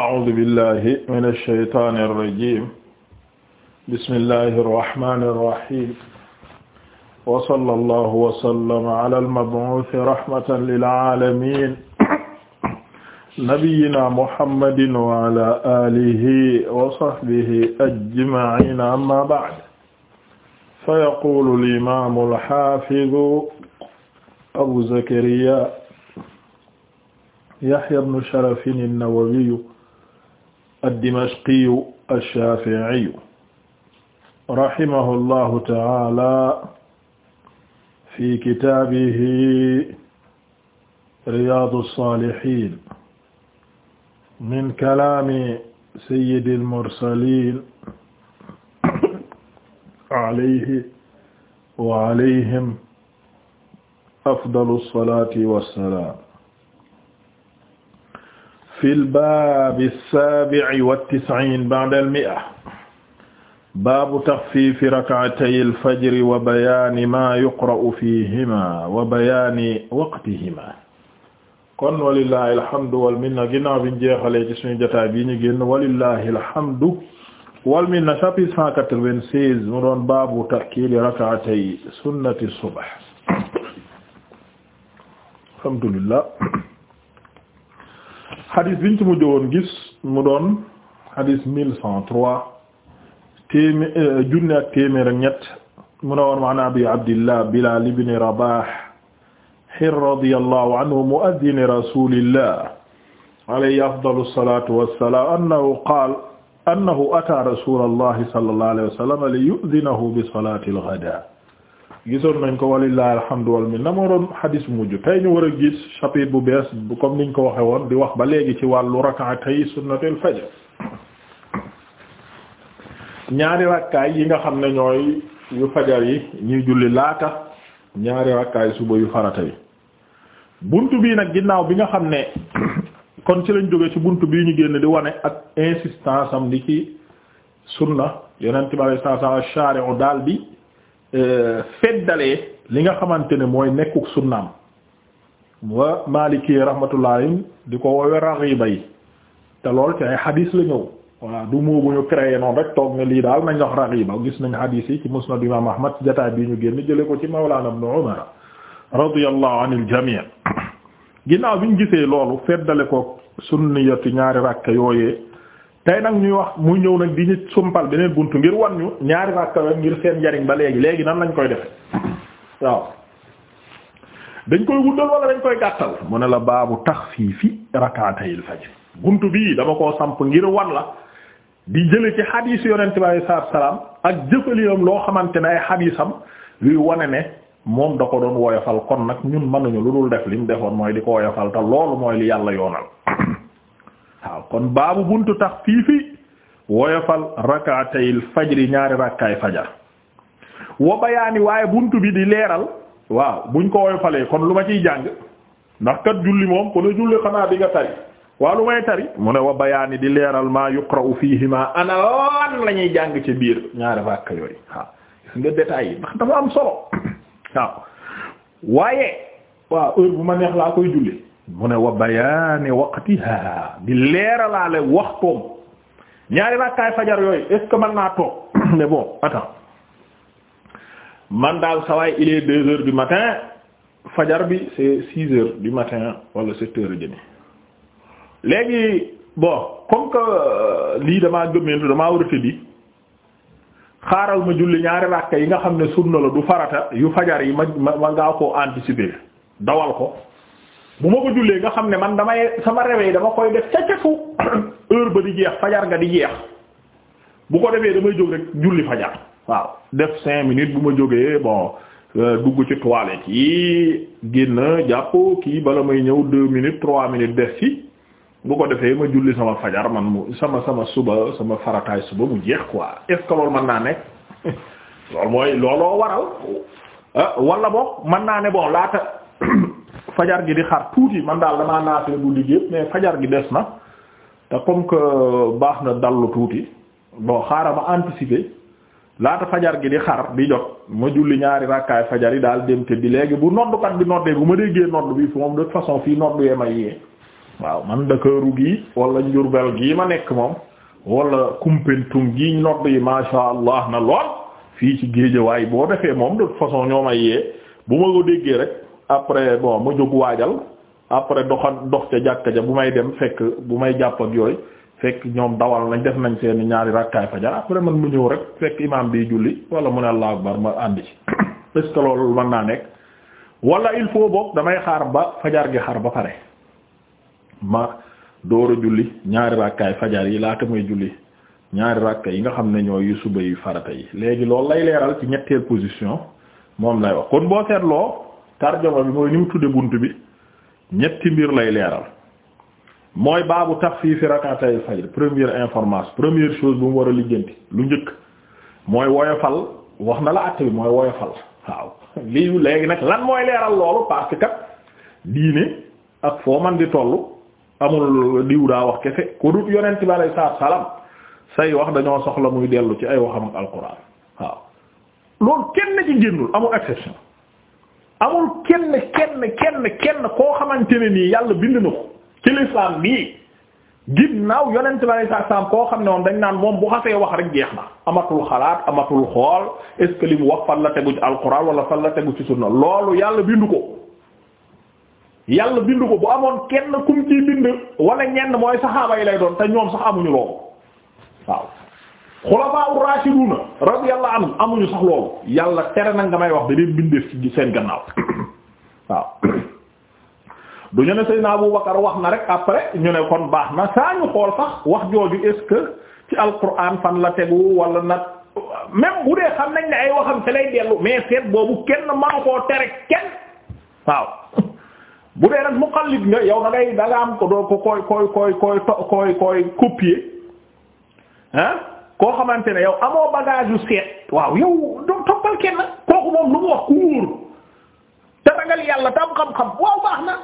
أعوذ بالله من الشيطان الرجيم بسم الله الرحمن الرحيم وصلى الله وسلم على المبعوث رحمة للعالمين نبينا محمد وعلى آله وصحبه أجمعين أما بعد فيقول الإمام الحافظ أبو زكريا يحيى بن شرف النووي ad-Dimashqiyu ash-Shafi'iyu rahimahullahu ta'ala fi kitaabihi Riyaadu s-Saalihiin min kalaami sayyidil mursaliin alayhi wa alayhim afdalu s-salaati wa s-salaam fil baabi saabi'i wa tis'iin ba'dal mi'a baabu taxfiifi rak'atayil fajri wa bayaani maa yuqra'u fiihimaa wa bayaani waqtihimaa. kon walillaahi alhamdu wal minna ginnaaw bi ñu jeexalee ci suñu jotaay bii ñu génn walillaahi alhamdu wal minna chapitre cent quatre-vingt-seize mu doon baabu ta'kiili rak'atay sunnati subh alhamdulillah. xadis biñ ci mujj woon gis mu doon xadis mille cent trois téemé euh, junne ak téeméer ak ñett mu ne woon wa an abi abdillah bilal ibn rabah hir radiyallahu anhu mu'adhdhin rasulillah alayhi afdalu salatu wassalam annahu qala annahu ata rasulallahi sallallahu alayhi wa sallam li yu'dhinahu bi salati al-ghada gisoon nañ ko walillahi alhamdu wal minna moo doon xadis bu mujj tey ñu war a gis chapitre bu bees comme niñ ko waxe woon di wax ba léegi ci wàllu rak'atay sunnatul fajr ñaari rakkaay yi nga xam ne ñooy yu fajar yi ñuy julli laata ñaari rakkaay suba yu farata yi buntu bii nag ginnaaw bi nga xam ne kon ci lañ jóge ci bunt bii ñu génn di wane ak insistance am di ci sunna yonent bi sallallahu alayhi wasallam daal bi Euh, feddalee li nga xamante ne mooy nekkuk sunnaam wa Maliki rahmatullah di ko woowe raxiba yi te lool ci ay xadiis la ñëw voilà du moo bu ñu créé noonu rek toog ne lii daal nañ wax raxiba gis nañ xadiis yi ci musnad imaam Ahmad ci jotaay bi ñu génn jële ko ci Mawlana Ibn Umar radiyallahu anil jamii ginnaaw bi ñu gisee loolu feddale ko sunniyati ñaari rakk yooyee tey nag ñuy wax mu ñëw nag di ñu sumpal beneen buntu ngir wan ñu ñaari ràkkawe ngir seen njariñ ba léegi léegi nan lañ koy defe waaw dañ koy guddal wala dañ koy gàttal mu ne la baabu tax fii rakaatayil fajr bunt bii dama koo samp ngir wan la di jële ci xadiis yonent bi alayhi salaam ak jëfalinam loo xamante ne ay xadiisam luy wane ne moom da ko doon woyofal kon nag ñun mënuñu lu dul def li mu defoon mooy di ko woyofal te loolu mooy yàlla yoonal waaw kon baabu buntu tax fii fii woyofal rakaatayil fajri ñaari rakkaay fajar wa bayaani waaye bunt bi di leeral waaw buñ ko woyofalee kon lu ma ciy jàng ndax kat julli moom ku ne julli xanaa di nga tari waa lu may tari mu ne wa bayaani di leeral maa yuqra'u fiihimaa ana lan la ñuy jàng ci biir ñaari rakka yooyu waaw nga détails yi ndax dafa am solo waaw waaye waaw heure bu ma neex laa koy julli mu ne wa bayaani waqtiha di leeralaale waxtoom ñaari rakkaay fajar yooyu est ce naa toog mais bon attends man daal sawaay il deux heures du matin fajar bi c'est six heures du matin wala sept heures et demie léegi bon comme que euh, lii damaa gëmmentu damaa war a tëddi xaaral ma julli ñaari rakka yi nga xam ne sunna la du farata yu fajar yi ma ma ma ngaa koo anticiper dawal ko bu ma ko jullee nga xam ne man damay sama réveil dama koy def ca heure ba di jeex fajar nga di jeex bu ko defee damay jóg rek julli fajar waaw def cinq minutes bu ma jógee bon euh, dugg ci toilette yi génn jàpp kii bala may ñëw deux minutes trois minutes def ci bu ko defee ma julli sama fajar man sama sama suba sama farataay suba mu jeex quoi est-ce naa nekk loolu mooy looloo waral ah, wala boog mën naa ne bon laata. fajar gi di xar tuuti man daal damaa naatee du liggéey mais fajar gi des na te comme que baax na dallu tuuti bon xaaral ma anticiper laata fajar gi di xar di jot ma julli ñaari rakkaay fajar yi daal dem te di léegi bu noddukat bi noddee bu ma déggee nodd bi moom de façon fii noddu yee ma yee waaw man Ndakaaru gii wala Njurbel gii ma nekk moom wala Kumpentum gii nodd yi masha Allah na lool fii ci géejawaay boo defee moom de façon ñoo ma bu ma ko rek. après bon ma jóg waajal après doxa dox ca jàkka ja bu may dem fekk bu may jàpp ak yooyu fekk ñoom dawal nañ def nañ seen ñaari rakkaay fajar après man mu ñëw rek fekk imam bi julli wala mu ne allah akbar ma àndi ci est-ce que loolu mën naa nekk wala il faut boog damay xaar ba fajar gi xar ba pare ma door a julli ñaari rakkaay fajar yi laata may julli ñaari rakka yi nga xam ne ñooy yu suba yu farata yi léegi loolu lay leeral ci ñetteel position tarjama bi mooy ni mu tudde bunt bi ñetti mbir lay leeral mooy baabu taxfiifi rakatay fajr première information première chose bu mu war a lijjanti lu njëkk mooy woyofal wax na la àtte bi mooy woyofal waaw lii léegi nag lan mooy leeral loolu parce kat diine ak foo man di toll amul diw daa wax kese ku dut yonent bi alay salaam say wax dañoo soxla muy dellu ci ay waxam ak alquran waaw loolu kenn ci génnul amul exception amul kenn kenn kenn kenn koo xamante ne nii yàlla bind na ko ci lislaam nii ginnaaw yonent bi alayhi salaam koo xam ne moom dañ naan moom bu xasee wax rek jeex na amatul xalaat amatul xool est ce que wax fan tegu ci alquran wala fan la tegu ci sunna loolu yàlla bindu ko yàlla bindu ko bu amoon kenn kum ciy bind wala ñenn mooy saxaaba yi lay doon te ñoom sax amuñu loolu waaw xulafaa ur raashiduna radiyallahu anhum amuñu sax loolu yàlla tere nag nga may wax da leen bindeef ci seen gannaaw waaw du ñu ne Seydina Abu Bakar wax na rek après ñu kon baax na saa ñu xool sax wax jooju est ci alquran fan la tegu wala nag même bu dee xam nañ ne ay waxam ci lay dellu mais seet boobu kenn manu koo tere kenn waaw bu dee nag muqallid nga yow da ngay am ko doo ko koy koy koy koy koy koo xamante ne yow amoo bagage yu seet waaw yow doo toppal kenn kooku moom lu mu wax ku wóor te ragal yàlla tam xam-xam waaw baax na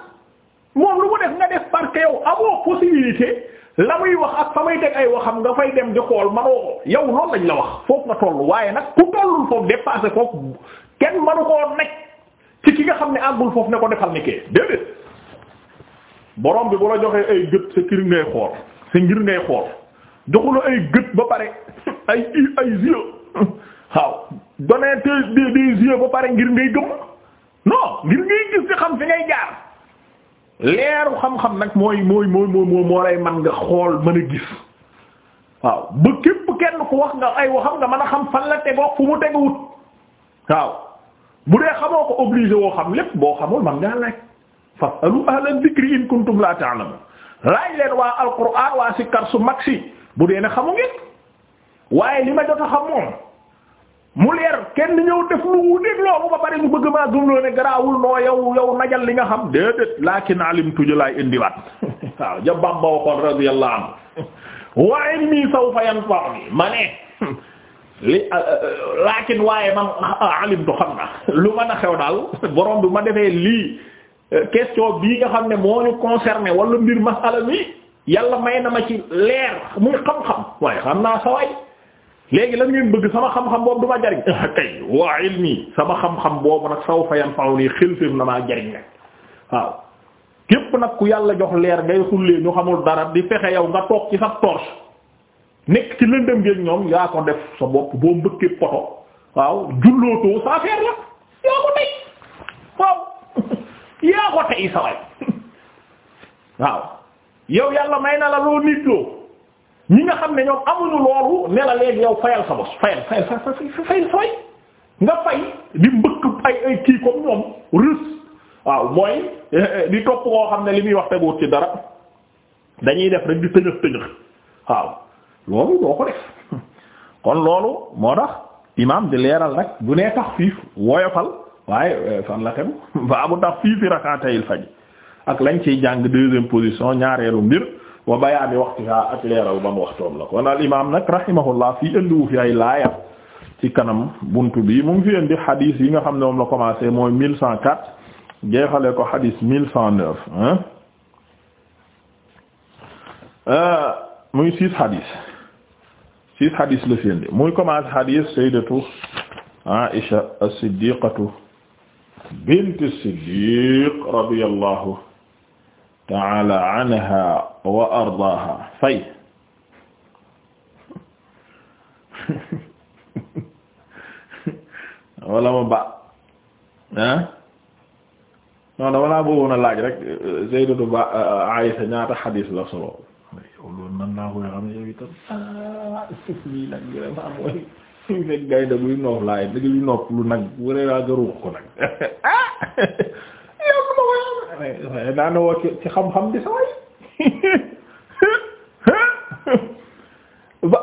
moom lu mu def nga def parce que amoo possibilité la muy wax ak fa teg ay waxam nga fay dem di xool manoo yow loolu lañ la wax foofu nga toll waaye nag ku tollul foofu dépassé foofu kenn manu koo nekk ci ki nga xam ne àggul foofu ne ko defal ni kee déedéet borom bi bu la joxee ay gët sa kër ngay xool sa joxula ay gët ba pare ay ay yeux waaw donner des des yeux ba pare ngir ngay gëm non ngir ngay gis di xam fi ngay jaar leeru xam-xam nag mooy mooy mooy mooy moo lay man nga xool mën a gis waaw ba képp kenn ku wax nga ay waxam nga mën a xam fan la tegoo fu mu teguwut waaw bu dee xamoo ko obligé woo xam lépp boo xamul man ngaa laaj fasalu ahla dhikri in kuntum la ta'lamun laaj leen waa alquran waa sikkar su mag si bu dee ne xamu ngeen waaye li ma jot a xam moom mu leer kenn ñëw def lu wuuteeg loolu ba pare mu bëgg maa gëmloo ne garaawul noo yow yow najal li nga xam déedéet laakin alim tuju laay indiwaat waaw ja Bamba waaye nii saw fa mi ma ne li laakin waaye man alimtu xam na lu mën a xew daal borom bi ma defee lii eh, question bii nga xam ne moo ñu concerné wala mbir masala mi yàlla may na ma ci leer muy xam-xam waaye xam naa sawaay léegi lan ngeen bëgg sama xam-xam boobu du ma jariñ ah, kay waa ilmi sama xam-xam boobu nag saw fa yan faw nii xilfim na maa jariñ nag waaw képp nag ku yàlla jox leer ngay xullee ñu xamul dara di fexe yow nga toog ci sa torche nekk ci lëndëm géeg ñoom yaa ko def sa bopp boo mbëkkee poto waaw jullootoo sa affaire la yaa ko tey waaw yaa ko tey sawaay waaw yow yàlla may na la loo nit loo ñi nga xam ne ñoom amuñu loolu ne la léegi fayal sa bos fayal fayal fay nga fay di mbëkk ay ay kii comme ñoom rës waaw mooy eh, di topp koo xam ne li muy wax teguut ci dara dañuy def rek di tëñëx tëñëx waaw loolu doo ko def kon loolu moo tax imaam di leeral rek bu nee tax fiif woyofal waaye eh, fan la tegu baabu tax fiifi rakaatayil faj ak lañ ciy jàng deuxième position ñaareelu mbir wa bayaani waqtiha ak leeral ba mu waxtoom la kon al imaam nag rahimahullah fii indiwu fi ay laaya ci kanam bunt bi mu ngi fi indi xadiis yi nga xam ne moom la commencé mooy mille cent quatre jeexale ko xadiis mille cent neuf euh, muy six xadiis six xadiis la fi indi muy commencé xadiis sayyidatu Aisha as-Siddiqatu bint as-Siddiq taala anha wa ardaaha fay wala ma ba ah non dama laa bëggoon a laaj rek Sayyidatu ba Aisha ñaata xadiis la solo yow loolu nan naa koy xam yow itam ah lii nag vraiment mooy fekk gaynde buy lu nopp lu nag wëree laa gëru ko nag ah! naa ne woo ci xam-xam bi saway ba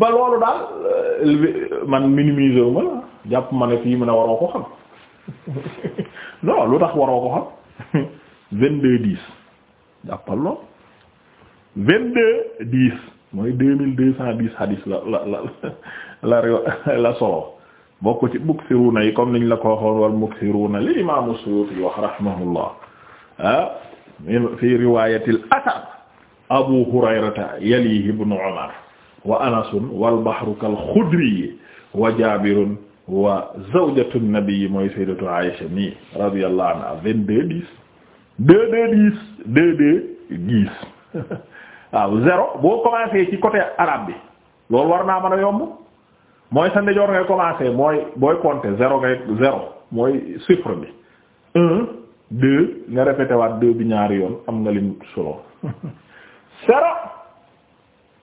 ba loolu daal euh, man minimiser wu ma jàpp ma ne fii mën a waroo ko xam non lu tax waroo ko xam vingt deux dix jàppal lool vingt deux dix mooy deux mille deux cent dix hadis la la la la la solo bokk ci muksiruna yi comme niñ la ko waxoon wal muksiruna li imaamu Suyuti wax rahimahullah ah fi riwayatil asar abu hurayrata yalihi ibnu umar wa anasun wal bahru kal xudri wa jabirun wa zawjatu nabi mooy sayyidatu aisha mi radiyallahu anha vingt-deux dix deux deux dix deux waaw zéro boo commencé ci côté arabe bi loolu war naa mën yomb mooy sa ndijoor ngay commencé mooy booy compter zéro ngay zéro mooy chiffre bi deux nga répété waat deux bi ñaari yoon am nga lim solo zéro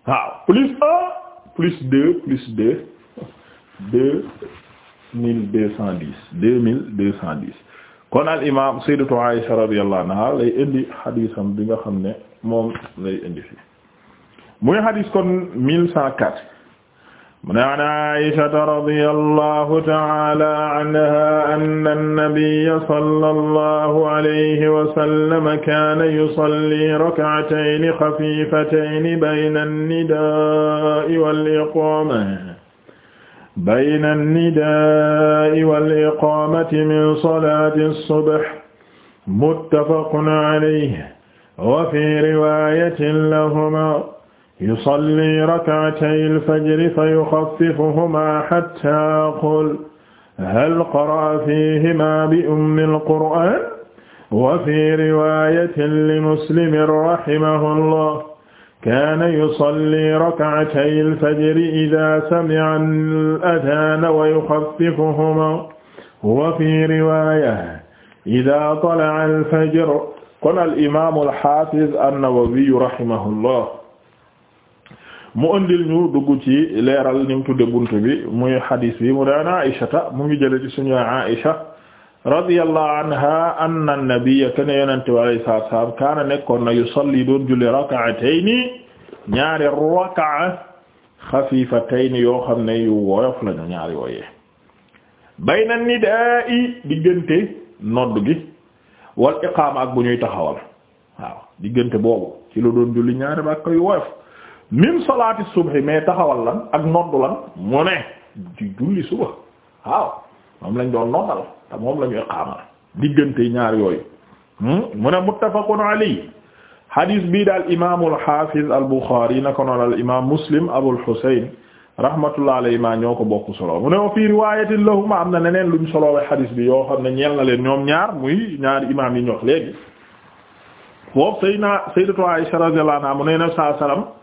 waaw plus un plus deux plus deux deux mille deux cent dix deux mille deux cent dix kon al imam sayyidatu Aisha radiyallahu anha lay indi xadiisam bi nga xam ne moom lay indi fi muy xadiis kon mille cent quatre mu ne an aishata radi allahu taala anha anna annabiya sala allahu alayhi wasallama kaana yusalli rakcatayni xafifatayni bayna annidaai waliqaama bayna annidaai waliqaamati min salaati alsubh muttafaqun alayhi wa fi riwayatin lahuma yusalli rak'atay al-fajri fa yukhaffifuhumaa hattaa qul hal qara'a fiihimaa bi ummi al-qur'aan wa fii riwaayatin li muslimin rahimahullah kaana yusalli rak'atay al-fajri idaa sami'a al-adhaana wa yukhaffifuhumaa wa fii riwaayatin idaa tala'a al-fajru qaala al-imaam al-haafiz an-Nawawi rahimahullah mu andil ñu dugg ci leeral ni mu tudde buntu bi muy hadis bi mu daan Aïshata mu ngi jële ci suñu Aïsha radiyallahu anha anna nabiyya kana yonente salaam kaana nekkoon na yusalli doon julli rak'atayni ñaari rak'a xafiifatayni yoo xam ne yu woyof lañu ñaari wooyee bayna nidaa'i diggante nodd gi wal iqaama ak bu ñuy taxawal waaw diggante boobu ci la doon julli ñaari rak'a yu woyof min salaati subhi mais taxawal lan ak noddu lan mu ne julli suba waaw moom lañ doon noddal te moom la ñu iqaamal diggante ñaar yooyu hmm? mu ne muttafaqun alayhi hadis bii daal imaam al-Hafiz al-Bukhari naka noonu al imaam Muslim Abul Husayn rahmatullah alayhima ñoo ko bokk solo mu ne wa fii riwaayatin lahuma am na neneen luñ solo waaye hadis bi yoo xam ne ñeel na leen ñoom ñaar muy ñaari imaam yi ñox léegi foofu Sayyidina Sayyidatu Aisha radiyallahu anha mu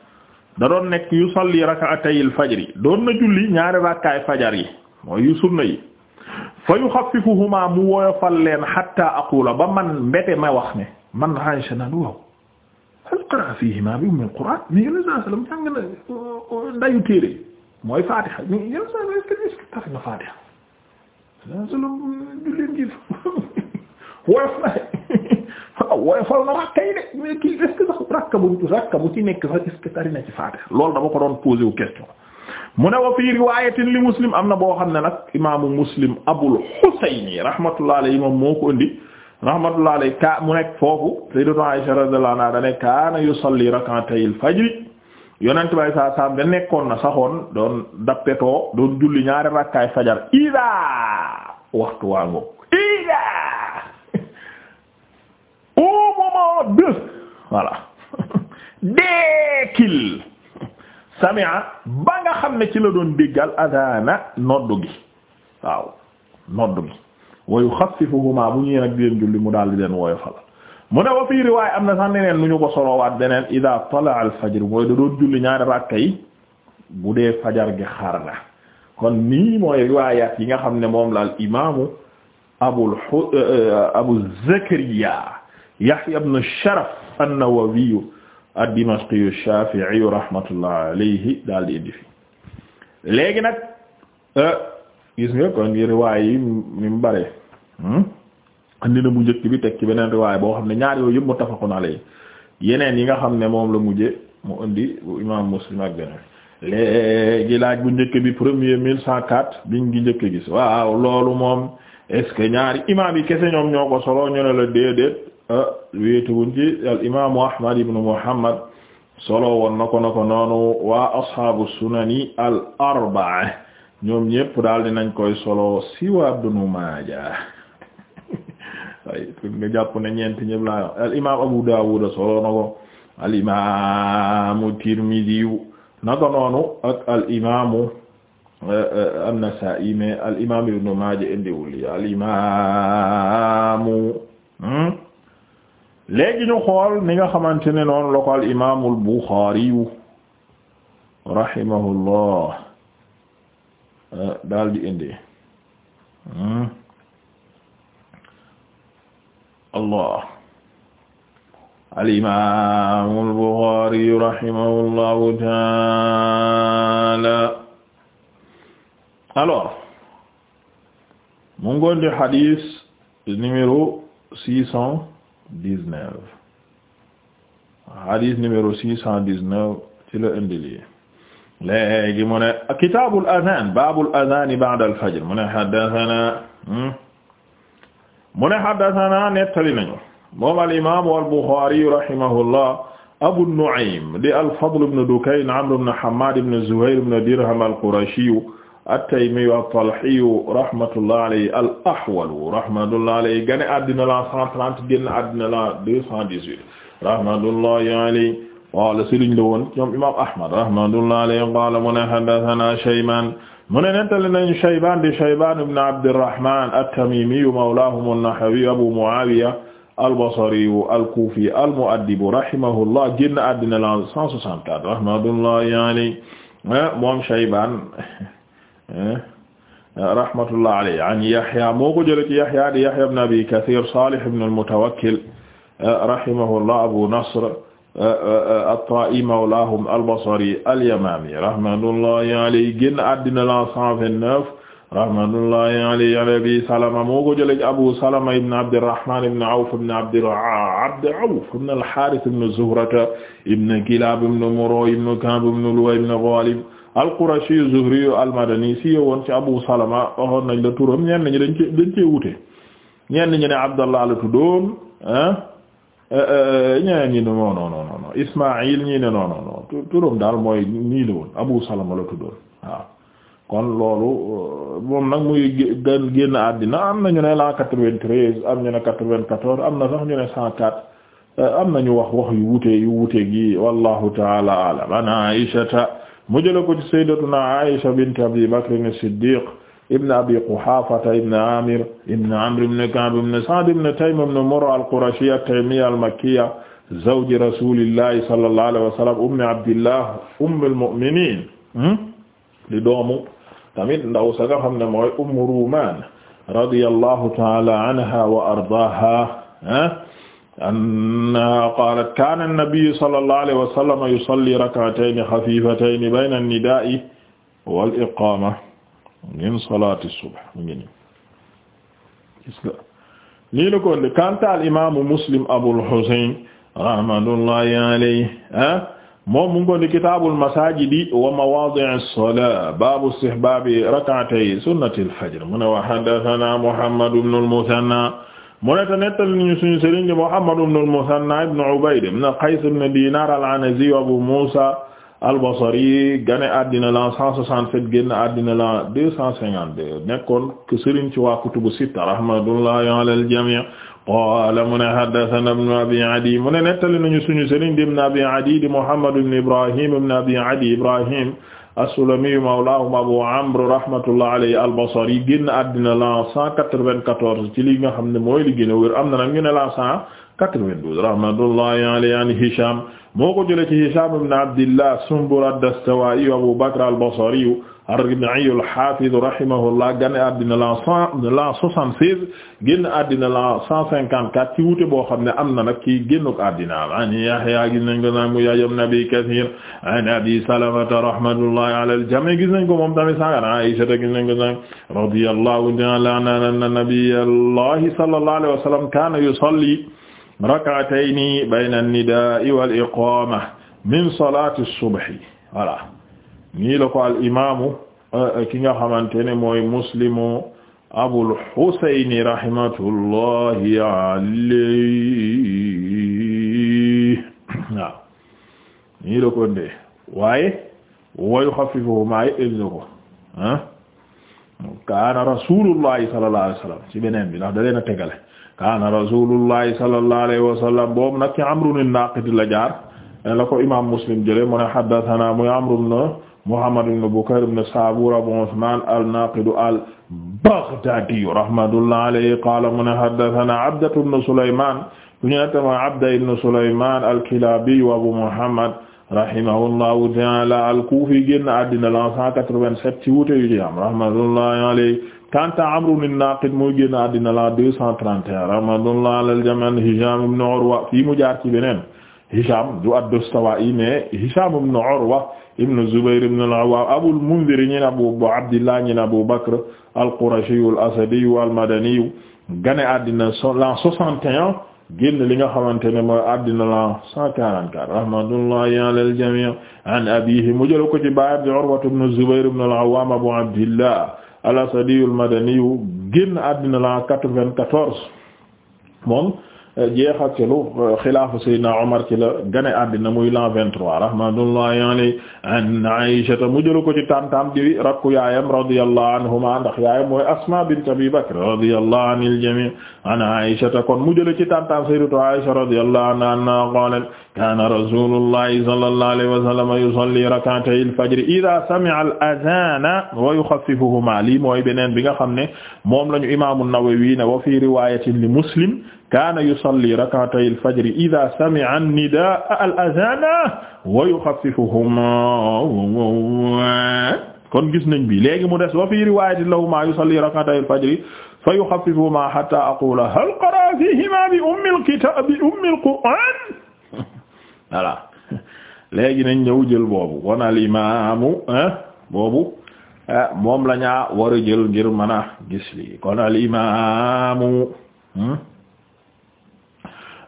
da doon nekk yu salli rak'atayil fajri doon na julli ñaari rakkaay fajar yi mooy yu sunna yi fa yuxaffifuhumaa mu woyofal leen hatta aqula ba man mbete ma wax ne man Aïsha naan waaw hal qara'a fiihimaa bi ummil qur'aan mais yéen a sallam jàng na uh, uh, ndayu mooy na Faatiha waaw woyofal na rakka yi de mais kii est-ce sax rakka bu rakka bu ci nekk sax est-ce que tari na ci faatiha loolu dama ko doon posé wu question mu ne wa fii riwaayatin li muslim am na boo xam ne nag imaamu muslim abul husayni rahmatullah alayhi moom moo ko ka mu nekk foofu sayyidatu Aisha radhiyallahu anha dane kaana yusalli rak'atayil fajri nekkoon na saxoon doon dappetoo doon julli ñaari rakkaay fajar ida waxtu waango deux voilà deekil ba nga xam ne ci la doon déggal adana noddu gi waaw noddu gi wa yuxaffifuhuma bu ñuy nag di leen julli mu daal di leen woyofal mu ne wa fii riwaaya am na sax neneen lu ñu ko solowaat beneen ida tala al fajr mooy da doon julli ñaari ràkka yi bu dee fajar gi xar na kon nii mooy riwaayaat yi nga xam ne moom la al imaamu abul abou zakariya Yahya ibn Sharaf an-Nawawi ad-Dimashqi ash-Shafi'i rahmatullah alayhi daal di indi fi léegi nag euh, gis nga kon riwaay yi ni mu bare hmm? andi na bu njëkk bi teg ci beneen riwaay boo xam ne ñaari yooyu yëpp muttafaqun alayhi yeneen yi nga xam ne moom la mujje mu indi bu imaam Muslim ak beneen léegi laaj bu njëkk bi premier mille cent quatre bi gi njëkk gis waaw loolu moom est ñaari imaam yi kese ñoom ñoo ko solo ñu ne la déedéet Ah, wéetuwuñ ci al imaamu ahmad ibnu muhammad solo woon na ko noonu waa ashaabu sunani al arbaa ñoom ñépp daal dinañ koy solo siwa ibnu maaja ay tur nga jàpp al imaam abu daawuda solo na al imaamu tirmidiyu na noonu al imaamu eh, an-nasaa'i mais al imaam ibnu maaja indiwul al imaamu hmm? léegi ñu xool ni nga xamante ne noonu la ko al imaamu al Buxaari rahimahullah eh, daal di indi hmm? allah mu ngoon di hadis numéro cent dix-neuf hadith numéro six cent dix-neuf ci la indi lii léegi mu ne kitaabul azaan baabul azaan ba'dal fajr mu ne haddasanaa hmm? mu ne haddasanaa nettali nañu moom al imaam al Buxaari rahimahullah Abu Nu'aym di al-Fadl ibn Dukayn Amr ibn Hammaad ibn Zuhayr ibn Dirham al-Qurashi at-Taymi at-Talhi rahmatullah alayhi al-Ahwal rahmatullah alayhi gane addina la 130 génn addina la 218 rahmatullah alayhi qala sëriñ la woon ñoom imam Ahmad rahmatullah alayhi qala mu ne haddathana Shayban mu ne nettali nañu Shayban di Shayban ibn Abdirrahman at-Tamimi mawlahum an-Nahawi Abu Muawiya al-Basri al-Kufi al-Mu'addib rahimahullah génn addina la 164 rahmatullah alayhi moom Shayban Eh? Eh, rahmatullah alayhi an Yahya moo ko jëlee ci Yahya di Yahya ibn Abi Kathir Salih ibn al-Mutawakkil eh, rahimahullah Abu Nasr at-Ta'i mawlahum al-Basri al-Yamami rahmatullahi alayhi génn àddina la 129 rahmatullahi alayhi an Abi Salama moo ko jëlee ci Abu Salama ibn Abdirrahman ibn Awf ibn Abd Awf ibn al-Harith ibn Zuhrata ibn Kilab ibn Murra ibn Ka'b ibn Lu'ay ibn Ghalib al-Qurashi az-Zuhri al-Madani si woon ci Abu Salama waxoon nañ la turam ñenn ñi dañ cee dañ cee wute ñeen ñu ne Abdallah la tuddoon ah eh, eh, eh, ñeneen ñi ne non non non non ne non non non daal mooy nii la woon Abu Salama la tuddoon waaw kon loolu euh, moom nag muy génn àddina am na ñu ne la 93 am ñu ne 94 am na sax ñu ne 104. Euh, am ñu wax wax yu wute yu wute gi wallahu taala alam an aishata mu jële ko ci sayyidatuna Aisha bint Abi Bakr as-Siddiq ibn Abi Quhafa ibn Amir ibn Amr ibn Ka'b ibn Sa'd ibn Taym ibn Murra al-Qurashiyya at-Taymiyya al-Makkiyya zawji rasulillahi sallallahu alayhi wa sallam ummi Abdillah ummul mu'minin hmm? di doomu tamit ndaw sa nga xam ne mooy Ummu Ruman radiyallahu ta'ala anha wa ardaha hmm? annaha qaalat kaana an-nabiyyu sallallahu alayhi wa sallam yusalli rak'atayni xafiifatayni bayna an-nidaa'i wal iqaama min salaati subh mu ngi nii nii la ko woon de kaana al-imaamu Muslim Abul Husayn rahmatullahi alayhi ah, moom mu ngi ko di kitaabul masaajidi wa mawaadi'is salaa baabu istihbaabi rak'atay sunnatil fajr mu ne wa haddathanaa Muhammad ibnul Muthannaa mu ne te nettali nañu suñu sëriñ di Muhammad ibn al-Musanna ibn Ubayd ibn Qays ibn Dinar al-Anazi Abu Musa al-Basri gane àddina la 167 génn àddina la 252 nekkoon ke sëriñ ci waa kutubu sitta rahmatullahi ala al-jami' qala mu ne haddathana ibn Abi Adi mu ne nettali nañu suñu sëriñ di ibn Abi Adi di Muhammad ibn Ibrahim ibn Abi Adi Ibrahim as-Sulamiyu mawlaahum Abu Amr rahmatullahi alayhi al-Basri génn àddina la 194 ci li nga xam ne mooy li gën a wér am na nag ñu ne la 192 rahmatullahi alayhi an Hisham moo ko jëlee ci Hisham ibn Abdillah Sumbur ad-Dastuwaa'i Abu Bakr al-Basri ar-Rib'i al-Hafiz rahimahullah gane àddina la cent la soixante-seize génn àddina la cent cinquante-quatre ci wuute boo xam ne am na nag kii génnuk àddina an Yahya gis nañ ko nag mu Yahya ibn Abi Kathir an Abi Salama rahmatullahi ala al-jami' gis nañ ko moom tamit sàngan Aisha gis nañ ko nag radiyallahu ta'ala anha anna nabiyyallahi sallallahu alayhi wa sallam kana yusalli rak'atayni bayna an-nidaa'i wal iqaama min salaati subhi voilà nii la ko al imaamu euh, ki nga xamante ne mooy muslimu abul husayni rahmatullahi alayhi waaw nii la ko ndee waaye wayu xafifuhu maayi ëgg ko ah kaana rasulullahi sallallahu alayhi wasallam ci beneen bi ndax da leen a tegale kaana rasulullahi sallallahu alayhi wa sallam boobu nag ci amrun an-Naqidi la jaar la ko imam Muslim jële mu ne haddathana muy Amr ibn Muhammad ibn Bukayr ibn Sabur Abu Usman an-Naqidu al-Baghdadi rahmatullahi alayhi qala mu ne haddathana Abdatu ibn Sulayman ñu ne tama Abda ibn Sulayman al-Kilabi Abu Muhammad rahimahullahu ta'ala al-Kufi génn àddina la 187 ci wuute yu ci am rahmatullahi alayhi kanta Amru bin Naqid muy génn àddina la 231 rahmatullah alal jaman Hisham ibn Urwa fii mu jaar ci beneen Hisham du ad-Dastuwaa'i mais Hisham ibn Urwa ibn Zubayr ibn al Abu Abdillah ñi Abu Bakr al-Qurashi al-Asadi al-Madani gane àddina la li nga xamante ne mooy àddina la 144 rahmatullahi alal jami' an abiihi mu jël ko ci baay Urwa ibn Zubayr ibn al-Awwam Abu Abdillah al-Asadi al-Madani génn àddina la 94 moom jeexatelu xilaafu Seydina Omar ci la gane àddina muy l'an 23 rahmatullahi alayhi an Aisha mu jëlu ko ci tantam di rakku yaayam radiyallahu anhuma ndax yaayam mooy Asma bint Abi Bakr radiyallahu anil jami' an Aisha kon mu jëlu ci tantam Sayyidatu Aisha radiyallahu anha qalat kana rasulullahi sallallahu alayhi wa sallam yusalli rak'atay al-fajr idha sami'a al-adhana wa yukhaffifuhuma lii mooy beneen bi nga xam ne moom lañu imam an-Nawawi ne wa fi riwayatin li Muslim kaana yusalli rak'atay al-fajri idha sami'a an-nidaa'a al-adhaana wa yukhaffifuhumaa kon gis nañ bi léegi mu des wa fii riwaayatin lahumaa yusalli rak'atay al-fajri fa yukhaffifuhumaa hattaa aqula hal qaraa fiihimaa bi ummil kitaab bi ummil qur'aan voilà léegi nañ ñëw jël boobu kon al-imaamu boobu moom la ñaa war a jël ngir mën a gis li kon al-imaamu hmm?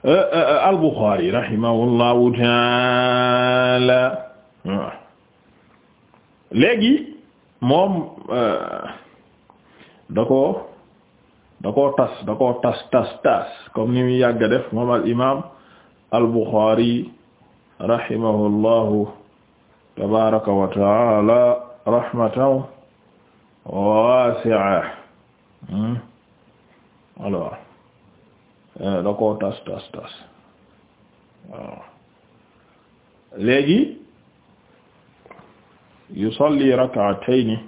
E, e, al-Bukhari rahimahullahu taala léegi moom e, da koo da tas tas tas tas ni muy yàgg def moom al imaam al-Bukhari rahimahullahu tabaaraka wa taala rahmatan waasi'a hmm? alors Eh, da koo tas tas tas waaw léegi yusalli rak'atayni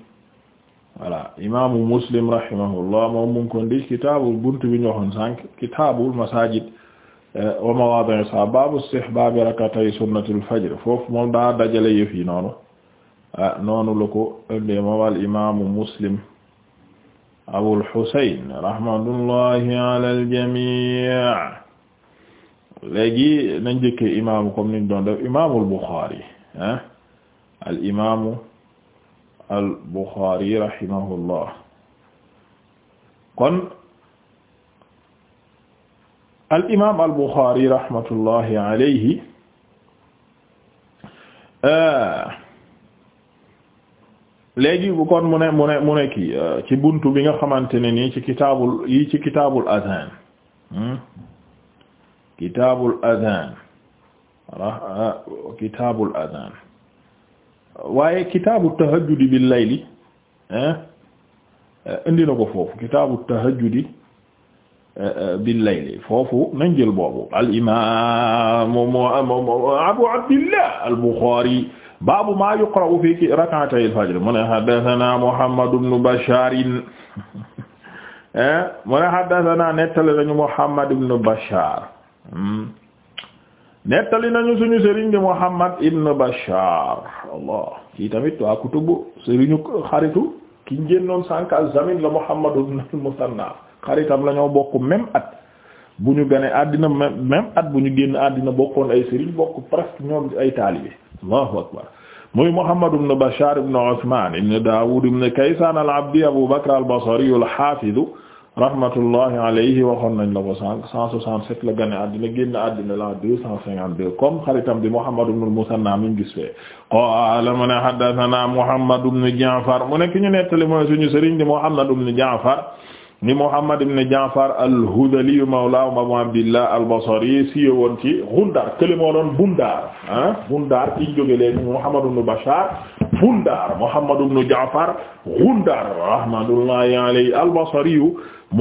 voilà imaamu muslim rahimahullah moom mu ngi ko ndi kitaabul buntu bi ñu waxoon sànq kitaabul eh, wa mawaadi'i salaat baabu istihbaab rak'atay sunnatul fajr foofu moom daa dajale yëf noonu ah noonu la ko indee mawal imaamu muslim. Abul Husayn rahmatullahi ala al-jamii' léegi nañ njëkkee imaamu comme niñ doon def imaamul Buxaari ah al imaamu al Buxaari rahimahullah kon al imaam al Buxaari rahmatullahi alayhi. Eh, léegi bu kon mu ne mu ne mu ne euh, ci bunt bi nga xamante ne nii ci kitaabul yi ci kitaabul azan hmm? kitaabul azan wala euh, kitaabul azan waaye kitaabu tahajjudi bil layli euh, indi na ko foofu kitaabu tahajjudi bil layli foofu nañ jël boobu al imam abu abdillah al bukhari baabu maa yuqra'u fi rak'atay al-fajr mu ne haddathana Muhammad ibn Bashar eh, mu ne haddathana nettali nañu Muhammad ibn Bashar hmm. nettali nañu suñu sëriñ di Muhammad ibn Bashar Allah kii tamit waa kutubu sëriñu xaritu ki génnoon sànq az-Zamin la Muhammad ibn al-Musanna xaritam la bokk même at bu ñu gane àddina même at bu ñu génn àddina bokkoon ay sëriñ bokk presque ñoom ay taalibe allahu akbar muy Muhammad ibn Bashar ibn Uthman ibn Dawud ibn Kaysan al-Abdi Abu Bakr al-Basri al-Hafiz rahmatullahi alayhi waxoon nañ la ko sànq 167 la gane àddina génn àddina la 252 comme xaritam bi Muhammad ibn al-Musanna min gis fee qaala mu ne haddathana Muhammad ibn Ja'far mu nekk ñu nettali mooy suñu sëriñ di Muhammad ibn Ja'far ni Muhammad ibn Ja'far al-Hudhali mawlaahum Abu Abdillah al-Basri siye woon ci Ghundar kële moo doon Bundar ah Bundar ci jóge leen Muhammad ibn Bashar Bundar Muhammad ibn Ja'far Ghundar rahmatullahi alayhi al-Basri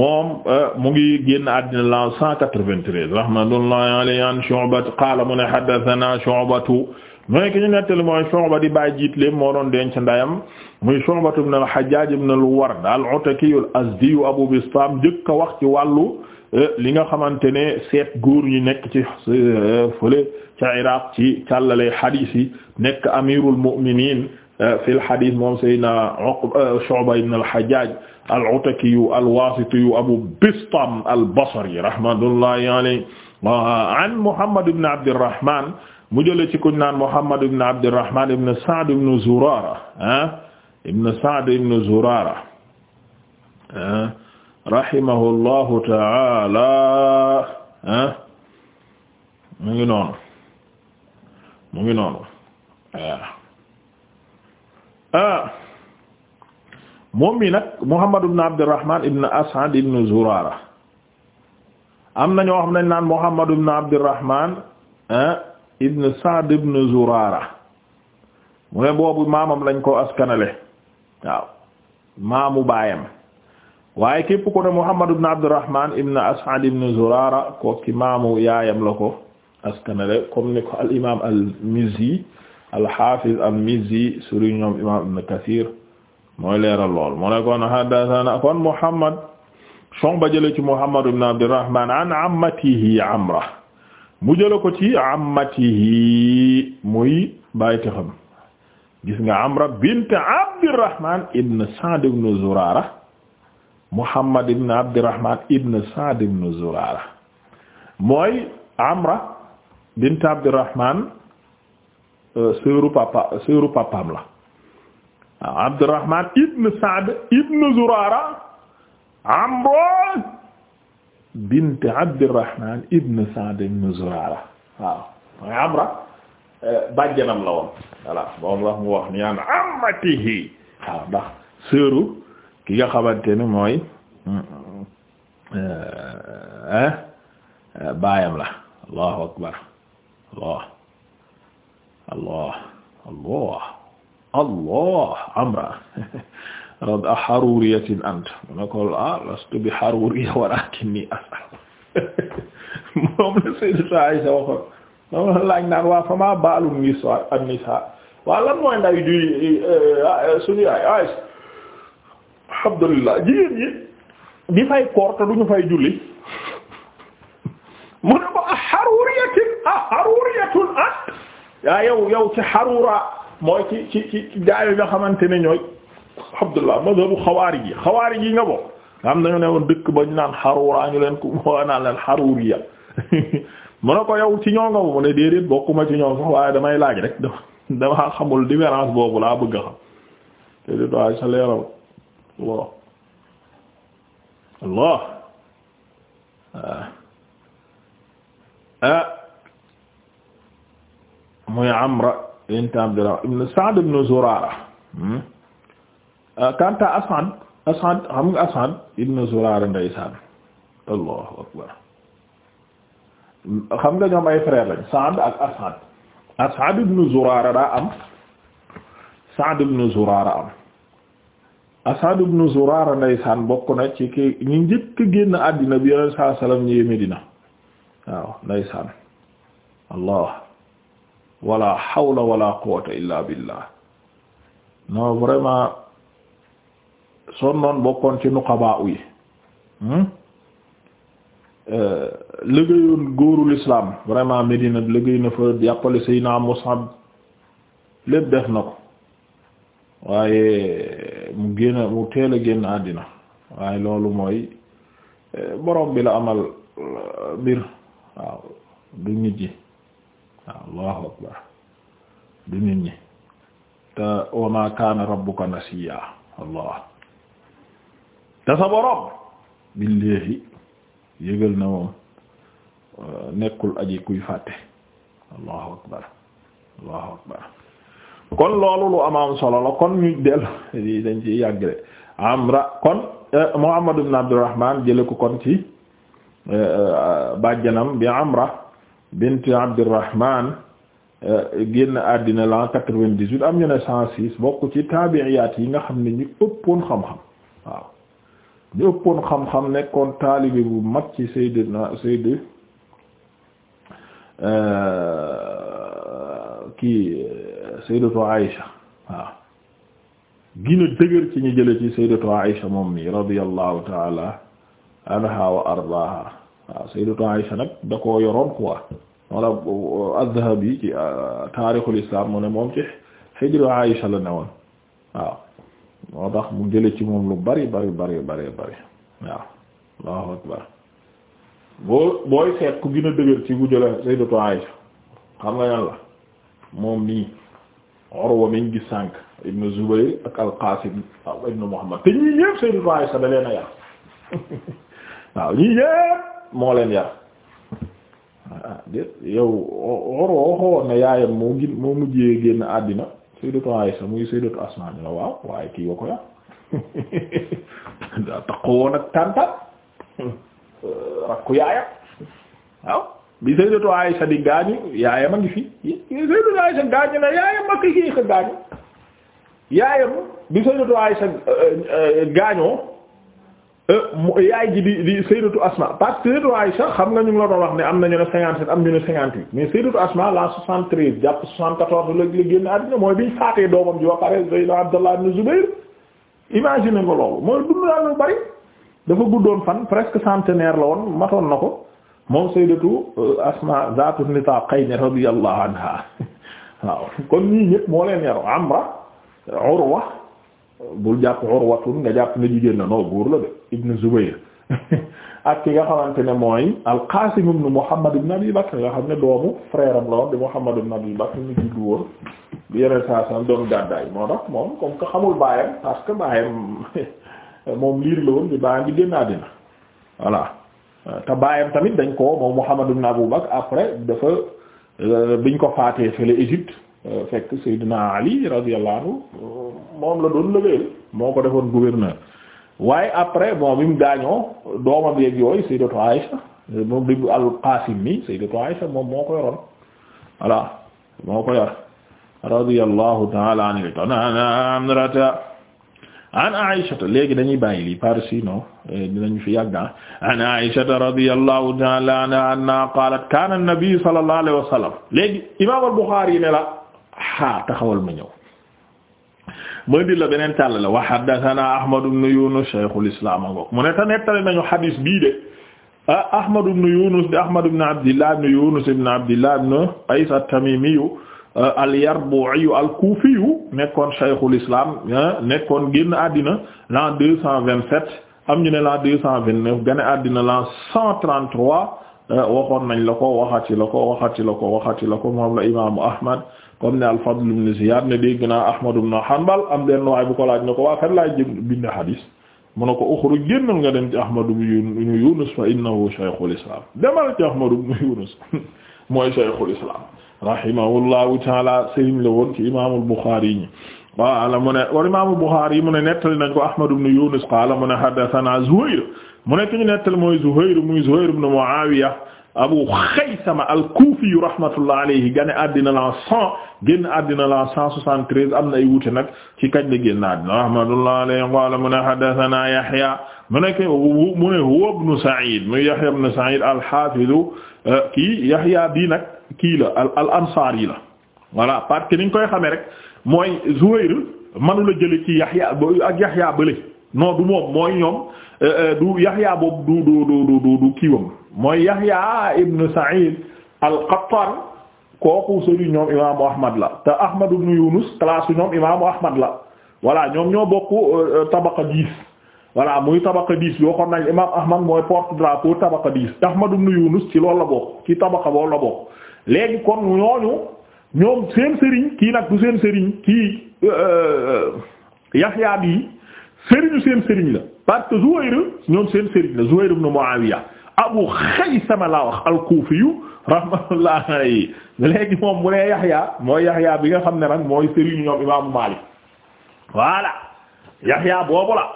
moom eh, mu ngi génn àddina la 193 rahmatullahi alayhi an Shu'ba qaala mu ne haddathana Shu'batu mu ne ki ñu nettali mooy Shu'ba di bàyyi jiit lépp moo doon denc ndayam muy Shu'ba ibn al-Hajjaj ibn al-Ward al-Ataki al-Azdi Abu Bistam njëkk a wax ci wàllu e, li nga xamante ne seet góor ñi nekk ci e, fële ca Iraq ci càllale xadiis yi nekk amirul mu'minin e, fil xadiis moom Seydina Shu'ba ibn al-Hajjaj al-Ataki al-Wasiti Abu Bistam al-Basri rahmatullahi alayhi an Muhammad ibn Abd mu jële ci kuñ naan Muhammad ibn Abdurrahman ibn Sa'd ibn Zurara ah ibn Sa'd ibn Zurara ah, ah mu ngi noonu mu ngi noonu ah, ah moom mi nag Muhammad ibn Abdurrahman ibn am na ñoo xam ne naan Muhammad ibn Abdurrahman ah ibn Sa'd ibn Zurara mu ne boobu maamam lañ ko askanale waaw maamu baayam waaye képp ko ne Muhammad ibn Abdurrahman ibn As'ad ibn Zurara ko ki maamu yaayam la ko askanale comme ni ko al imaam al Mizzi al Hafiz al mooy leeral lool mu ne kon haddathana kon Muhammad Shu'ba jële ci Muhammad ibn Abdurrahman an ammatihi Amra mu jële ko ci ammatihi muy bàyyite xam gis nga amra bint abdirahman ibn sa'd ibn zurara muhammad ibn abdirahman ibn sa'd ibn zurara mooy amra bint abdirahman euh, seeru papa seeru papam la abdirahman ibn sa'd ibn zurara amra bint Abdirahman ibn ibn Zurara waaw mooy Amra eh, bàjjanam la woon voilà moom wax mu wax an ammatihi waaw ndax sœuru ki nga xamante ni mooy mm, eh, eh, baayam la allahu akbar allah allah allah allah haruriyatin ant mu ne ko ah lastu bi haruriya walakinni as'al moom la Sayyidatu la laaj naan waa fa maa baalu nisaa an nisaa waa lan mooy ndaw du eh, suñu ay Aisha alhamdulillah jigéen ñi di fay koor te duñu fay julli mu ne ko a haruriyatin a haruriyatun ant yaa yow yow ci harura mooy ci gaayo nga xamante ne ñooy Abdullah mazhabu xawaarij yi xawaarij nga bokk nga am nañu ne woon dëkk ba ñu naan xaruuraa ñu leen ko waa naan leen xaruuriya mu ko yow ci ñoo nga mu ne déedéet bokkuma ci ñoom sax waaye damay laaj rek dama damaa xamul différence boobu laa bëgg a xam te di sa leeral Allah Allah ah muy Amra bint Abdullah ibn Sa'd ibn Zurara hmm? kanta euh, As'ad As'ad xam nga As'ad ibn Zurara ndeysaan allahu akbar xam nga ñoom ay frère lañ Sa'd ak As'ad As'ad ibn Zurara daa am Sa'd ibn Zurara am As'ad ibn Zurara ndeysaan bokk na ci ki ñu njëkk génn àddina bi yoneen saa salaam ñëwee Medina waaw ndeysaan allah wala hawla wala quwwata illa billah non vraiment sonnoon bokkoon ci nuqabaa yi hmm? euh, liggéeyoon góorul islam vraiment Medina liggéey na fa jàppale Seydina Mus'ab lépp def na ko waaye mu génn mu teel génn àddina waaye loolu mooy euh, borom bi la amal euh, mbir waaw du nit ñi waaw Allahu akbar du nit ñi te wa ma kaana rabbuka nasiya Allah te sa yëgal na moom euh, nekkul aji kuy fàtte allahu akbar allahu akbar kon loolu lu amaam solo la kon ñu dellu yi dañ ci yàggale amra kon euh, muhammad ibn abdurrahman jële ko kon ci euh, bàjjanam bi amra bint abdurrahman génn àddina l'an quatre-vingt-dix-huit am ñu cent six bokk ci taabi'iyaat yi nga xam ne ñu ëppoon xam-xam waaw di ëppoon xam-xam nekkoon taalibe bu mag ci Seydina Seydi euh, kii Sayyidatu Aïsha waaw gina dëgër ci ñu jële ci Sayyidatu Aïsha moom mi radiyallahu ta'ala anha wa ardaaha waaw Sayyidatu Aïsha nag da koo yoroon quoi wala euh, az ci euh, taarixul islam mu ne moom ci hijru Aïsha la newoon waaw moo tax mu jële ci moom lu bari bari bari bari bari waaw Allahu akbar boo booy seet ku gën a dëgër ci bu jële Sayyidatu Aisha xam nga yan la moom nii Urwa miñ gis sànk ibnu Zubayr ak al waaw ibnu Muhammad te ñii ñépp Sayyidatu Aisha da leen a yar waaw ñii ñépp moo leen yar ah déet yow Urwa waxoon yaayam moo gin moo mujjee génn àddina sayyidatu Aisha muy sayyidatu Asma ñu la waaw waaye kii wa ko ya daa taxawoon ak tànta rakku yaayam waaw bi sayyidatu Aisha di gaañu yaayam a ngi fi sayyidatu Aisha gaañu na yaayam ak kii ka gaañu yaayam bi sayyidatu Aisha euh, euh, gaañoo Euh, yaay ji di di sayyidatu Asma parce que sayyidatu Aïcha xam nga ñu ngi la doon wax ne am nañu ne cinquante-sept am ñu ne cinquante-huit mais sayyidatu Asma la soixante-treize jàpp soixante-quatorze la génn àddina mooy biñ faatee doomam ji imagine nga loolu mooy dund daal bari dafa guddoon fan presque centenaire la woon matoon na ko moom sayyidatu euh, Asma zaatu nitaaqayn radiyallahu anha waaw kon ñii ñëpp moo leen yaru Amra Urwa bul jàpp urwatun nga jàpp ne jigéen la non góor la de ibn Zubayr ak ki nga xamante ne mooy al-Qasim ibn Muhammad ibn Abi nga xam ne doomu frère am la woon di Muhammad ibn Abi Bakr ñu juddu woon bi yeneen saa saa doon gàddaay moo tax moom comme que xamul baayam parce que baayam moom liir la woon di baayam di génn àddina voilà te baayam tamit dañ ko moom Muhammad ibn Abu Bakr après dafa euh, biñ ko faatee fële Égypte fekk Seydina Ali radiyallahu la moom la doon moo ko defoon gouverneur waaye après bon bi mu gaañoo doomam yeeg yooyu Sayyidatu Aïcha moom al-Qasim mi Sayyidatu Aïcha moom moo ko yoroon voilà moo ko yor radiyallahu ta'ala anhu amrata an Aïcha léegi dañuy bàyyi lii par sinon eh, dinañu fi yàgg ah. an Aïcha radiyallahu ta'ala anha al-Bukhari ne xaa taxawal ma ñëw ma di la beneen càll la wa haddathana ahmad ibn yunus shaykhul islam ango mu ne te nettali nañu xadiis bii de ah ahmad ibn yunus di ahmad ibn abdillah ibn yunus ibn abdillah ibn qais at-tamimi ah, al nekkoon shaykhul islam ah, nekkoon génn àddina l'an deux cent vingt-sept am ñu ne l'an deux cent àddina l'an cent trente-trois ah, waxoon nañ la ko waxati la ko waxati la ko waxati la ko moom la imaamu Ahmad comme ne al-Fadl ibn Ziyad ne dégg naa Ahmad ibn Hanbal am benn waay bu ko laaj ne ko waa kan laay jëm bind hadis mu ne ko uxruj génnal nga dem ci Ahmad ibn Yunus fa innahu shaykhul islam demal ci Ahmad ibn Yunus mooy shaykhul islam rahimahullahu taala sëriñ la woon ci imaamul Bukhari yi ñi waala mu ne war imaamul Bukhari yi mu ne nettali nañ ko Ahmad ibn Yunus qaala mu ne haddathana Zuhayr mu ne ki ñu nettali mooy Zuhayr muy Zuhayr ibn Muawiya Abu Xaysama al-Kufi rahmatullah alayhi gane àddina la cent génn àddina la cent soixante am na ay wuute nag ci kañ la génn àddina rahmatullah alayhi qala mu ne haddathana Yahya mu ne ke mu ne huwa ibn Sa'id mu Yahya ibn Sa'id al-Hafiz kii Yahya bi nag kii la al-Ansari la voilà parce que niñ koy xamee rek mooy Zuhayr mënu la jële ci Yahya ak Yahya bële non du moom mooy ñoom euh, euh, du du du du mooy Yahya ibn Sa'id al-Qattan kooku sëriñ ñoom imaamu Ahmad la te Ahmad ibn Yunus classe ñoom imaamu Ahmad la voilà ñoom ñoo bokk euh, tabaqa dix voilà muy tabaqa dix yoo xam nañ imaam Ahmad mooy porte drapeau tabaqa dix Ahmad ibn Yunus ci loolu la bokk ci tabaqa boobu la bokk léegi kon ñooñu ñoom seen sëriñ kii nag du seen sëriñ kii euh, euh, Yahya bi sëriñu seen sëriñ la parce que Zuhayr ñoom seen sëriñ la Zuhayr ibn Muawiya abu xaysama laa wax alkuufiyu rahmatullah alayhi léegi moom bu nee yaxya mooy yaxya bi nga xam ne nag mooy sëriñ ñoom imaamu Maalik voilà yaxya boobu la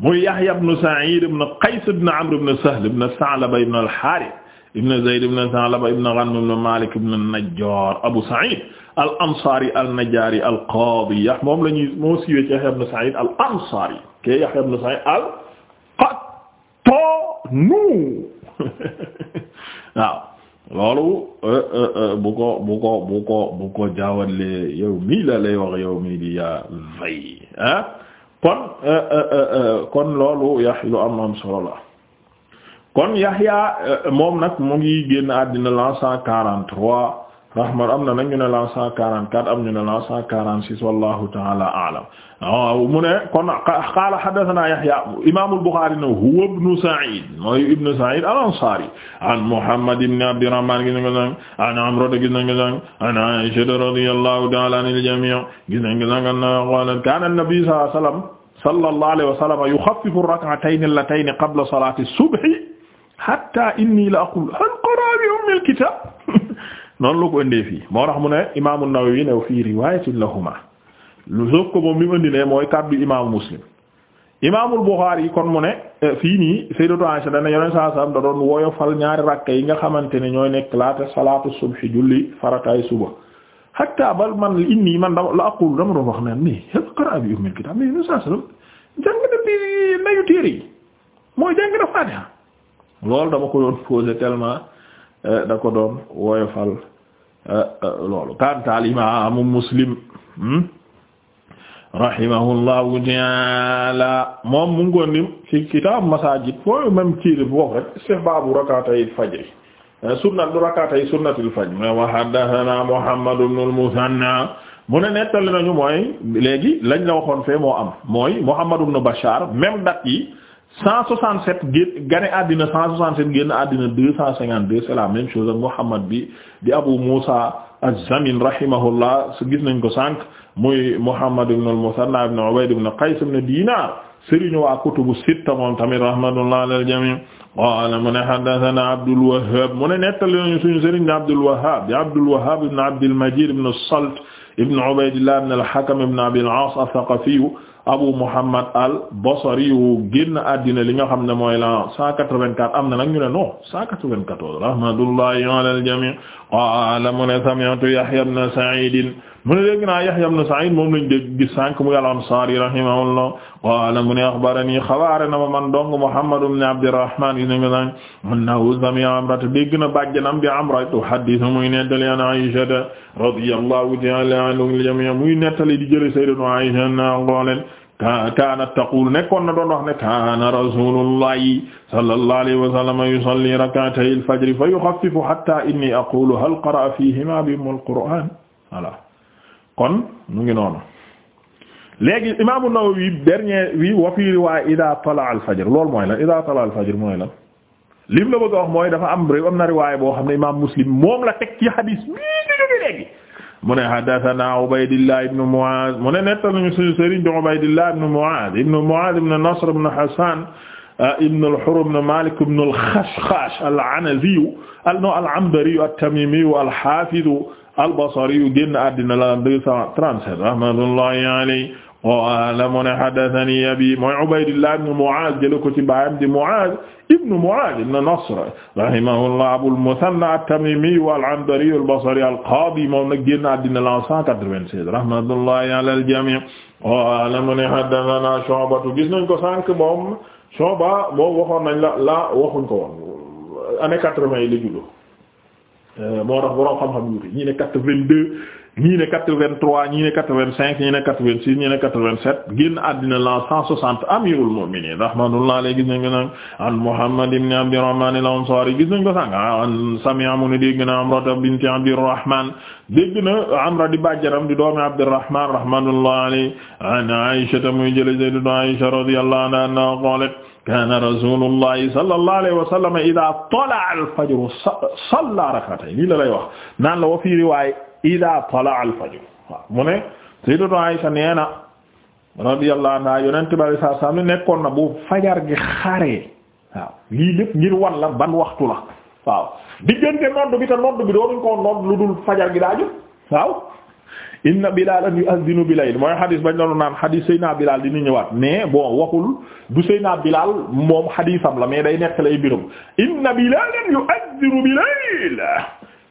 muy yaxya ibn Sa'id ibn Qays ibn Amr ibn Sahl ibn Sa'laba ibn al-Harith ibn Zayd ibn Sa'laba ibn Ghanm ibn Malik ibn an-Najjar Abu Sa'id al-Ansari al-Najjari al-Qadi yax moom la ñuy moo siiwee ci yaxya ibn Sa'id al-Ansari ke yaxya ibn Sa'id al-Qattanu waaw loolu euh, euh, euh, bu ko bu ko bu ko yow mii la yow mii di yaa kon loolu yax lu am am solo la kon Yaxya moom nag mu ngi génn àddina l'an quarante-trois rahmat am na nag ñu ne la 144 am ñu ne la 146 wallahu ta'ala a'lam mu ne kon qaala haddathana Yahya imam al-Bukhari ne huwa ibnu Sa'id mooy ibnu Sa'id al-Ansari an Muhammad ibn Abdirrahman gis nañ ko sànq an Amrata gis nañ ko sànq an Aisha radiyallahu ta'ala anil jami' gis nañ ko sànq annaha qalat kana an-nabi sallallahu alayhi wa sallam sallallahu alayhi wa sallam yukhaffifu ar-rak'atayn allatayn qabla salati as-subh hatta inni la aqulu hal qara'a bi umm al-kitab noonu la ko indee fii moo tax mu ne imaamu Nawawi ne fii riwaayatin lahuma lu soog ko moom li mu ne mooy kàddu imaamu Muslim imaamul Buxaari yi kon mu ne eh, fii nii Sayyidatu Aisha dana yoneen saa saam da xamante ne ñooy nekk dama la aqulu dama doon wax naan nii qara bi ummil kitaab mais yoneen saa saam mooy jàng na Faatiha loolu dama ko doon posé tellement Eh, da ko doon woyofal eh, eh, loolu kantaal imaamu muslim hmm? rahimahullahu taala moom mu ngoon ni ci kitaab masajid fooyu même tiiri boobu rek istihbaabu rakaatay fajri sunnat du rakaatay sunnatil fajr mu ne wa haddathana mu ne nettali nañu mooy léegi lañ la waxoon fee moo am mooy muhammad ibn bashar même date yi cent soixante sept génn gane àddina cent soixante sept génn àddina deux cent cinquante deux c'est la même chose ak Muhammad bi di Abu Musa az-Zamin rahimahullah su gis nañ ko sànq muy Muhammad ibn al-Musanna ibn Ubayd ibn Qays ibn Dinar sëriñ waa kutubu sitta moom tamit rahmatullah ala al-jami' qala mu ne haddathana Abdul Wahhab mu ne nettali nañu suñu sëriñ di Abdul Wahhab di Abdul Wahhab ibn Abd al-Majid ibn as-Salt ibn Ubaydillah ibn al-Hakam ibn Abi al-As ath-Thaqafi Abu Muhammad al-Basri wu génn àddina li nga xam ne mooy la 184 am na nag ñu ne non 194 rahmatullahi ala al-jami' qaala mu ne sami'tu Yahya ibn Sa'id mu ne dégg naa Yahya ibn Sa'id moom lañ dégg gis sànq mu al-Ansari rahimahullah qaala mu ne axbarani xabaare na ma man dong Muhammad ibn Abdirrahman gis nañ ko sànq annahu sami'a Amra dégg na bàjjanam bi Amra tuhaddithu muy nettali an Aïsha radiyallahu ta'ala anha muy nettali di jële Sayyidatuna Aïsha na ngooleen kaanat taqul nekkoon na doon wax ne kaana rasulullahi sallallahu alayhi wa sallam yusalli rak'atay al-fajr fa yukhaffifu hatta inni aqulu hal qara'a fihima bihim al-Qur'an voilà kon mu ngi noonu léegi imaam an-Nawawi dernier wi wa fi riwaaya ida tala al-fajr loolu mooy lan ida tala al-fajr mooy lan lim la bëgg a wax mooy dafa am réew am na riwaaya boo xam ne imaam Muslim moom la teg ci hadis bii ñu jóge léegi mu ne haddathana Ubaydillah ibn Mu'adh mu ne nettal nañu suñu sëriñ bi Ubaydillah ibn Mu'adh ibn Mu'adh ibn Nasr ibn Hasan ah, ibn al-Hurr ibn Malik ibn al-Khashkhash al-Anazi al-Anbari at-Tamimi al-Hafiz al-Basri yu génn àddina la 237 rahmatullahi alayhi qaala mu ne haddathanii abii mooy Ubaydillah ibn Mu'aaz jële ko ci baayam di Mu'aaz ibn Mu'aaz ibn Nasr rahimahullah Abul Muthanna at-Tamiimi al-Anbari al-Basri al-Qaadi moom nag génn àddina la 196 rahmatullahi ala al-jamii' qaala mu ne haddathanaa Shu'batu gis nañ ko sànq moom Shu'ba moom waxoon nañ la la waxuñ ko woon année 80 yi la juddoo Euh, moo tax borom xam-xam yuute ñii ne quatre-vingt-deux ñii ne quatre-vingt-trois ñii ne quatre-vingt-cinq ñii ne quatre-vingt-six ñii ne quatre-vingt-sept génn àddina la cent soixante amirul mu'minin rahmatullah alayhi gis nañ ko sànq an Muhammad ibn Abdirrahman al-Ansari gis nañ ko sànq an Sami'a mu ne dégg na Amra binti Abdirrahman dégg na Amra di bàjjaram di doomi Abdirrahman rahmatullah alayhi an Aisha muy jële Aisha radiyallahu kaana rasuulullahi sallallahu alayhi wa sallam idaa tala'a al-fajru salla rak'atayn lii la lay wax naan la wa fii riwaaya idaa tala'a al-fajru waaw mu ne sayyidatu Aysa nee na radiyallahu anha yonent bi sallallahu alayhi wa sallam nekkoon na bu fajar gi xaree waaw lii lépp ngir wan la ban waxtu la waaw diggante nodd bi te nodd bi doonuñ ko nodd lu dul fajar gi daa jot waaw inna bilalan yu'adhdhinu bilayl mooy xadis bañ lanu naan xadis Seyna Bilal dina ñëwaat mais bon waxul du Seyna Bilal moom xadisam la mais day nekk lay mbirum inna bilalan yu'adhdhinu bilayl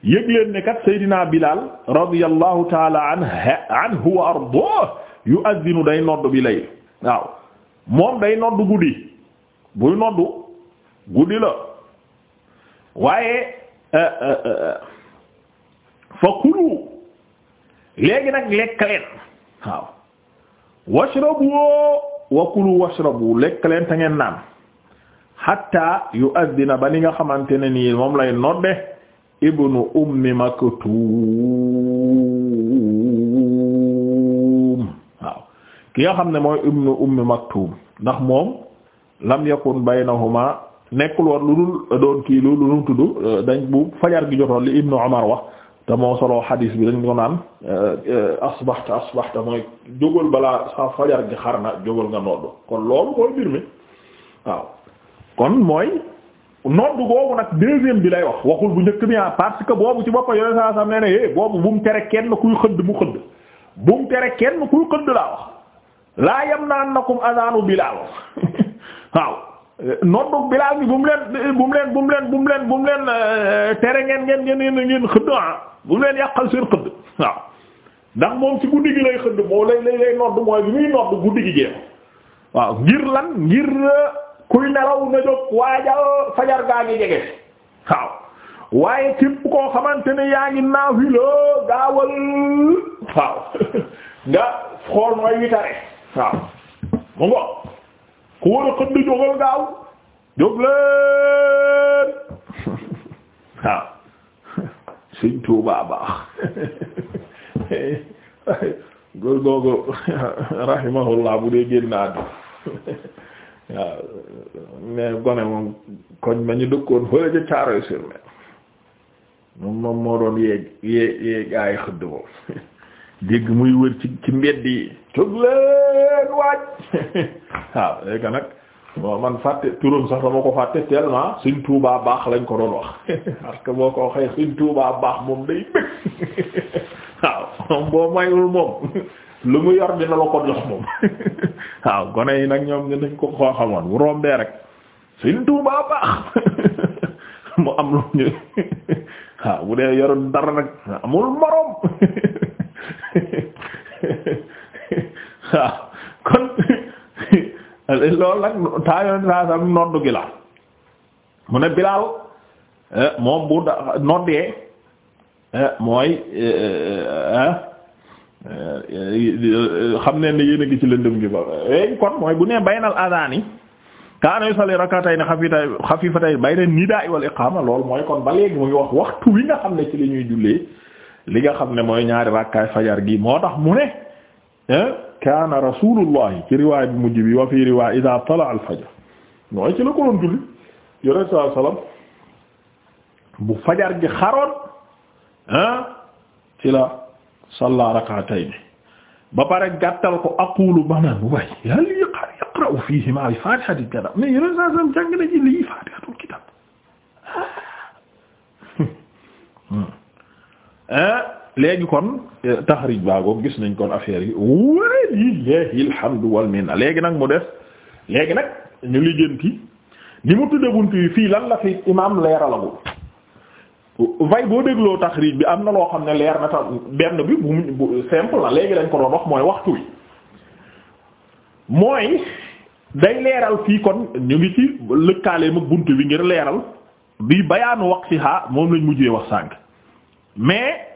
yëg leen ne kat Seydina Bilal radiyallahu taala anhu wa ardaah yu'adhdhinu day nodd bilayl waaw moom day nodd guddi buy nodd guddi la waaye eh, eh, eh, fa kulu léegi nag lekk leen waaw washrabu wa kulu washrabu lekk leen te ngeen naan hatta yu'adhdina ba ni nga xamante ne nii moom lay nodde ibnu ummi maktuum waaw ki nga xam ne mooy ibnu ummi maktuum ndax moom lam yakun baynahuma nekkul woon lu dul doon kii lu lu nu tudd dañ bu fajar gi jotoon li ibnu umar wax te moo solo xadiis bi dañ ko naan euh, euh, asbaxta asbaxta mooy jógal balaa sa fajar gi xar na jógal nga nodd kon loolu mooy mbir mi waaw kon mooy nodd boobu nag deuxième bi lay wax waxul bu njëkk bi ah parce que boobu ci boppam yooyu saa sam nee ne eh, é boobu bu mu tere kenn kuy xëdd mu xëdd bu mu tere kenn kuy xëdd laa wax laa yam naan nakum adanu bilaal waaw noddu Bilaal bi bu mu leen bu mu leen bu mu leen bu mu leen bu mu leen euh, tere ngeen ngeen ngeen ngeen xëdd ah bu mu leen yàqal seen xëdd waaw ndax moom ci guddi gi lay xëdd moo lay lay lay nodd mooy bi muy nodd guddi gi jeex waaw ngir lan ngir euh, kuy nelaw na jóg waajal fajar gaa ngi jege waaw waaye képp koo xamante ne yaa ngi naafila gaawal waaw nga xool mooy witare waaw mu ngo ku war a xëdd jógal gaaw jóg leen waaw ah. suñ baax góor googu rahimahullah bu dee génn àddu waaw ah. mais gone moom koñ ma ñu dëkkoon fële ca Caaroy sur Mer moom moom moo doon yee yee yee xëdd moom dégg muy wër ci ci mbedd yi jóg leen waaj waaw léegi nag bon man fàtte turam sax dama ko fàtte tellement Sëriñ Tuubaa baax lañ ko doon wax parce que boo ko waxee Sëriñ Tuubaa baax moom day bëgg waaw moom boo mayul moom lu mu yor dina gone yi nag ñoom dañ ko koo xamoon bu rombee rek Sëriñ Tuubaa baax mu am lu ñu waaw bu dee yorul dara nag amul moroom waaw kon loolu nag taa yoon gi la mu ne Bilaal eh, moom bu da- noddee eh, mooy eh, xam ne ne yéen a ngi ci lëndëm gi ba kon mooy bu nee baynal adani kaana yusalli rakatay ne xafitay xafifatay bayna nidaa wal iqaama loolu mooy kon ba léegi mu ngi wax waxtu wi nga xam ne ci li ñuy jullee li nga xam ne mooy ñaari rakkaay fajar gi moo tax mu ne kaana rasulullahi ci riwaay bi mujj bi wa fi riwaay ida tala al fajar mooy ci la ko doon julli yonent saai sallam bu fajar gi xaroon ah ci la salla rak'atayn ba pare gàttal ko aqulu banaan bu bay yàlla yëqa yaqra'u fiihima bi fatihati kitab mais yonent saai sallam jàng na ci lii léegi kon eh, taxrij baagoog gis nañ kon affaire yi walillahi alhamdu wal minna léegi nag mu def léegi nag ñu ki ni mu tudde bunt yi fii lan la fi imaam leeralagul vay boo dégloo taxrij bi am na loo xam ne leer na tam benn bi bu simple la léegi lañ ko doon wax mooy waxtu wi mooy day leeral fii kon ñu ngi ci lëkkaale mag bunt bi ngir leeral bi bayaanu waqtiha moom lañ mujjee wax sànk mais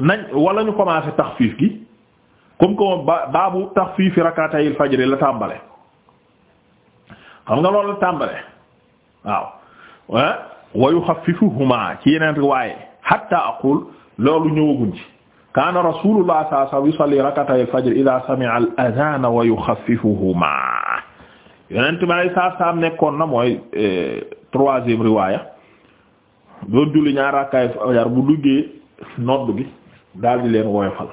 nañ walla ñu commencé taxfiif gi comme que ba baabu taxfiifi rakatayil fajri la tàmbale xam nga loolu la tàmbale waaw eh? wa yuxaffifuhuma ci yeneen riwaaye hatta aqul loolu ñëwaguñ ci kaana rasulullah sallallahu alayhi wasallam yusalli rakatayil fajri ida sami'a al adhana wa yuxaffifuhuma yonent ma lay saa saam nekkoon na mooy eh, troisième riwaaya doon julli ñaar rakkaay fajar bu duggee nodd gi daal di leen woyofal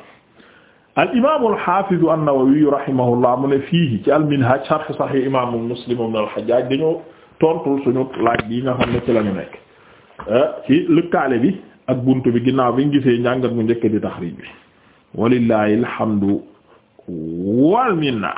al imaamu alxaafizu an-Nawawi rahimahullah mu ne fii ci al-Minhaj sharh Sahih imaamu Muslim ibn al-Hajjaj dañoo tontul suñu laaj bi nga ne ci la ñu nekk eh, ci lëkkaale bi ak buntu bi ginnaaw bi ñu gisee njàngat mu njëkk di taxriij bi walillahi alhamdu wal minna